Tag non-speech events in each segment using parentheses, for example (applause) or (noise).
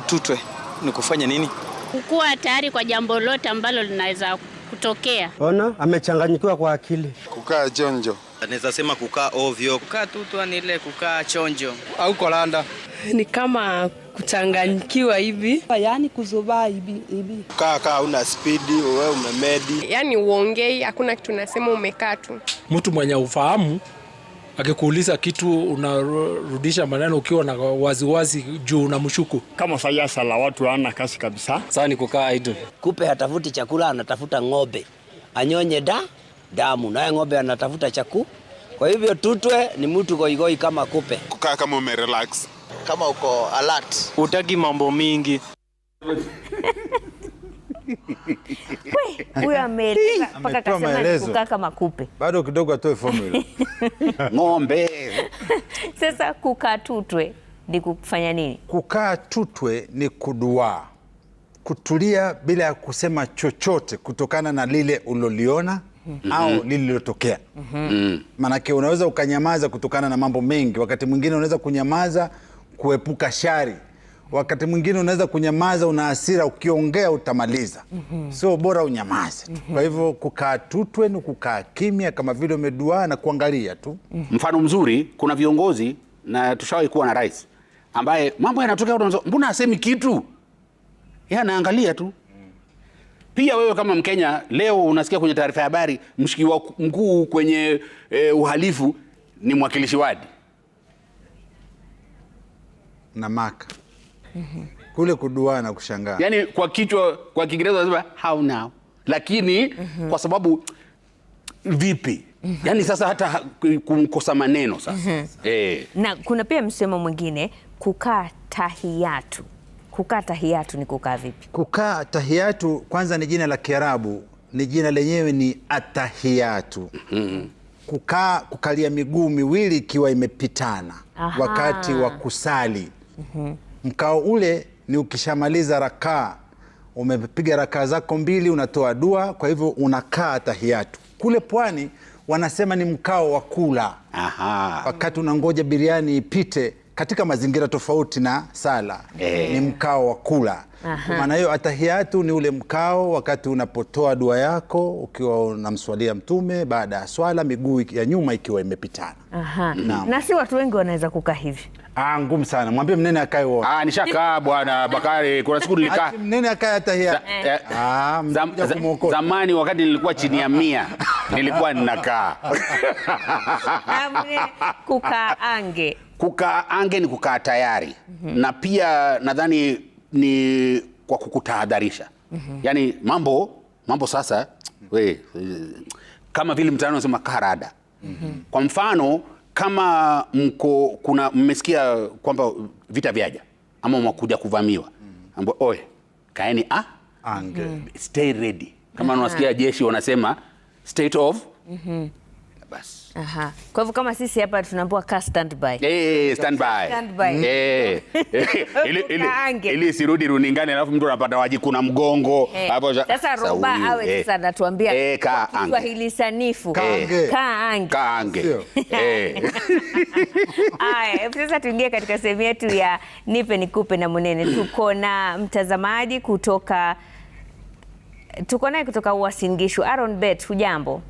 tutwe ni kufanya nini? Kukuwa tayari kwa jambo lote ambalo linaweza kutokea. Ona amechanganyikiwa kwa akili. Kukaa chonjo, anaweza sema kukaa ovyo, kukaa tutwa ni ile kukaa chonjo au kolanda, ni kama kuchanganyikiwa hivi, yaani kuzubaa hivi hivi. Kukaa kaa una spidi, wewe umemedi, yaani uongei, hakuna kitu unasema, umekaa tu. Mtu mwenye ufahamu akikuuliza kitu unarudisha maneno ukiwa na waziwazi juu na mshuku. Kama sayasa la watu ana kasi kabisa. Sasa ni kukaa idle. Kupe hatafuti chakula, anatafuta ng'obe anyonye da damu, naye ng'obe anatafuta chaku Kwa hivyo tutwe ni mtu goigoi kama kupe. Kukaa kama umerelax, kama uko alert, utaki mambo mingi (laughs) huyo ameeleza (laughs) mpaka kasema makupe, bado kidogo atoe formula (laughs) ng'ombe. (laughs) Sasa kukaa tutwe ni kufanya nini? Kukaa tutwe ni kuduaa, kutulia bila ya kusema chochote kutokana na lile uliloliona Mm -hmm. au lililotokea. Mhm. mm Maanake unaweza ukanyamaza kutokana na mambo mengi, wakati mwingine unaweza kunyamaza kuepuka shari wakati mwingine unaweza kunyamaza, una hasira, ukiongea utamaliza. mm -hmm. Sio bora unyamaze mm -hmm. Kwa hivyo kukaa tutwe ni kukaa kimya, kama vile umeduaa na kuangalia tu. mm -hmm. Mfano mzuri, kuna viongozi na tushawahi kuwa na rais ambaye mambo yanatokea, mbona asemi kitu? Yeye anaangalia tu. Pia wewe kama Mkenya leo unasikia kwenye taarifa ya habari mshikiwa mkuu kwenye e, uhalifu ni mwakilishi wadi na maka Mhm. kule kuduana, kushangaa, yani kwa kichwa, kwa Kiingereza wanasema how now, lakini mm -hmm. kwa sababu vipi mhm. yani sasa hata kumkosa maneno sasa. Mm -hmm. Eh. Na kuna pia msemo mwingine kukaa tahiyatu. Kukaa tahiyatu ni kukaa vipi? Kukaa tahiyatu kwanza ni jina la Kiarabu, ni jina lenyewe ni atahiyatu. Mm -hmm. Kukaa kukalia miguu miwili ikiwa imepitana Aha. Wakati wa kusali. Mm -hmm. Mkao ule ni ukishamaliza rakaa, umepiga rakaa zako mbili, unatoa dua. Kwa hivyo unakaa tahiyatu. Kule pwani wanasema ni mkao wa kula, wakati unangoja biriani ipite katika mazingira tofauti na sala e. Ni mkao wa kula, maana hiyo atahiyatu ni ule mkao wakati unapotoa dua yako ukiwa unamswalia Mtume baada ya swala, miguu ya nyuma ikiwa imepitana. Na, na si watu wengi wanaweza kukaa hivi. Ah, ngumu sana. Mwambie mnene akae wote. Ah, nishakaa bwana Bakari. Kuna siku nilikaa. Mnene akae hata hapa. Eh. Ah, zamani wakati nilikuwa chini ya mia nilikuwa ninakaa kukaange. Kukaange ni kukaa tayari mm -hmm. na pia nadhani ni kwa kukutahadharisha mm -hmm. yaani mambo mambo sasa we, kama vile mtaani unasema karada mm -hmm. kwa mfano kama mko kuna mmesikia kwamba vita vyaja ama mwakuja kuvamiwa ambapo oye kaeni ah, ange stay ready kama unasikia jeshi wanasema state of mm -hmm. Bas. Aha. Kwa hivyo kama sisi hapa tunaambiwa ka standby. Eh, eh standby. Standby. Eh. eh. (laughs) Ili ili ili sirudi runingani alafu mtu anapata waji kuna mgongo eh. hapo sasa roba awe sasa anatuambia eh, hili sanifu. Ka Ka ange. ange. Ka ange. Eh. (laughs) Aya, sasa tuingie katika sehemu yetu ya nipe nikupe na Munene. Tuko na mtazamaji kutoka Tuko naye kutoka Uasin Gishu, Aaron Bet, hujambo?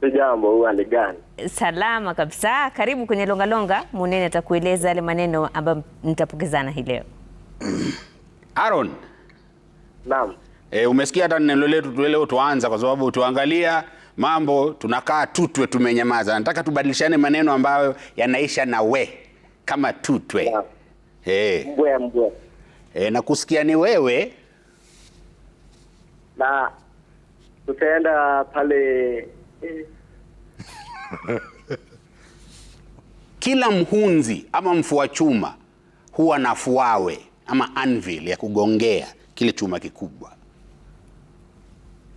Sijambo, huwa ni gani? Salama kabisa, karibu kwenye Longalonga. Munene atakueleza yale maneno ambayo nitapokezana hii leo. (clears throat) Aaron. Naam. E, umesikia hata neno letu leo tuanza, kwa sababu tuangalia mambo tunakaa tutwe tumenyamaza. Nataka tubadilishane maneno ambayo yanaisha na we kama tutwe. Naam. Hey. Mbwe mbwe. E, na kusikia ni wewe na tutaenda pale eh. (laughs) Kila mhunzi ama mfua chuma huwa na fuawe ama anvil ya kugongea kile chuma kikubwa,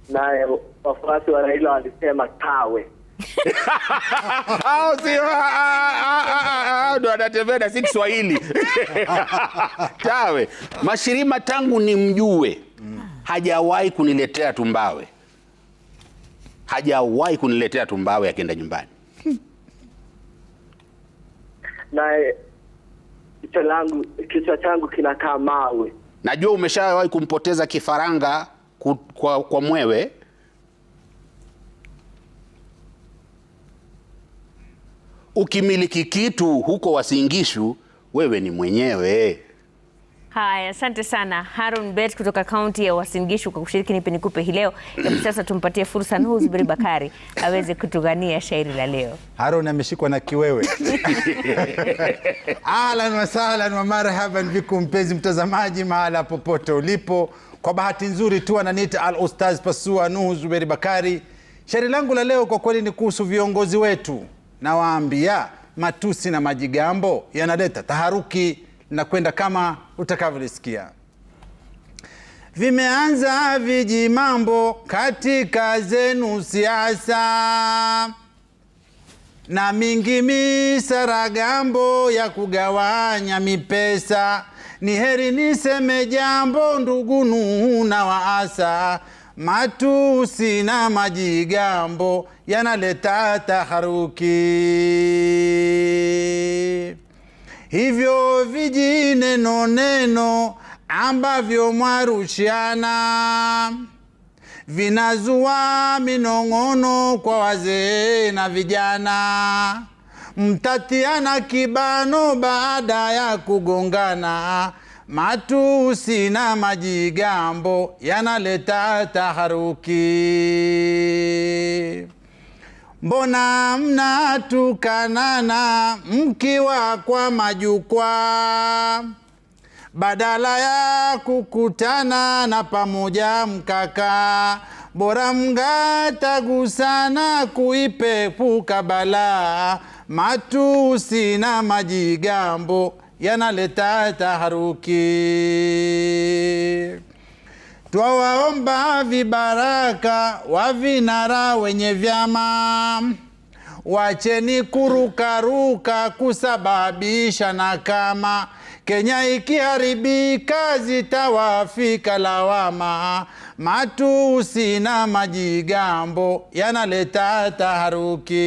naye wafuasi wa Raila walisema tawe (laughs) ah, ah, ah, ndo anatembea na si Kiswahili (laughs) tawe. Mashirima tangu ni mjue hajawahi kuniletea tumbawe, hajawahi kuniletea tumbawe akienda nyumbani (laughs) na eh, kichwa langu kichwa changu kinakaa mawe. Najua umeshawahi kumpoteza kifaranga ku, kwa, kwa mwewe Ukimiliki kitu huko Wasingishu, wewe ni mwenyewe. Haya, asante sana Harun Bet kutoka kaunti ya Uasin Gishu kwa kushiriki Nipe Nikupe hii leo. Hebu sasa tumpatie fursa Nuhu Zuberi Bakari (laughs) aweze kutugania shairi la leo. Harun ameshikwa na kiwewe. (laughs) Ahlan wa sahlan wa marhaban bikum, mpenzi mtazamaji, mahala popote ulipo. Kwa bahati nzuri tu ananiita al ustaz Pasua Nuhu Zuberi Bakari. Shairi langu la leo kwa kweli ni kuhusu viongozi wetu, nawaambia matusi na majigambo yanaleta taharuki na kwenda kama utakavyolisikia. Vimeanza viji mambo katika zenu siasa na mingi misaragambo ya kugawanya mipesa. Ni heri niseme jambo ndugu nuhu na waasa, matusi na majigambo yanaleta taharuki hivyo vijineno neno ambavyo mwarushiana vinazua minong'ono kwa wazee na vijana, mtatiana kibano baada ya kugongana. Matusi na majigambo yanaleta taharuki. Mbona mnatukanana mkiwa kwa majukwaa, badala ya kukutana na pamoja mkakaa? Bora mgatagusana kuipepuka balaa. Matusi na majigambo yanaleta taharuki. Twawaomba vibaraka wa vinara wenye vyama, wacheni kurukaruka kusababisha na kama Kenya ikiharibika zitawafika lawama, matusi na majigambo yanaleta taharuki.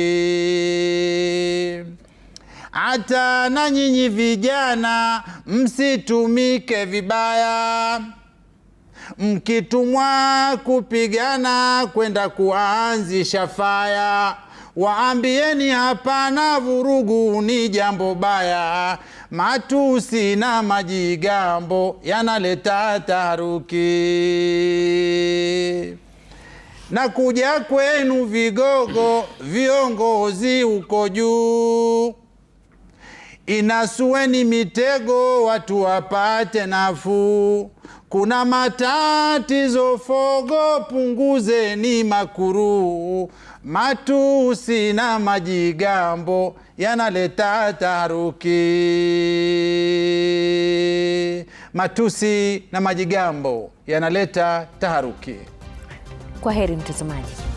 Hata na nyinyi vijana msitumike vibaya mkitumwa kupigana kwenda kuanzisha faya, waambieni hapana, vurugu ni jambo baya. Matusi na majigambo yanaleta taharuki na kuja kwenu vigogo, viongozi huko juu Inasueni mitego watu wapate nafuu, kuna matatizo fogo punguzeni makuruu, matusi na majigambo yanaleta taharuki. Matusi na majigambo yanaleta taharuki. Kwa heri mtazamaji.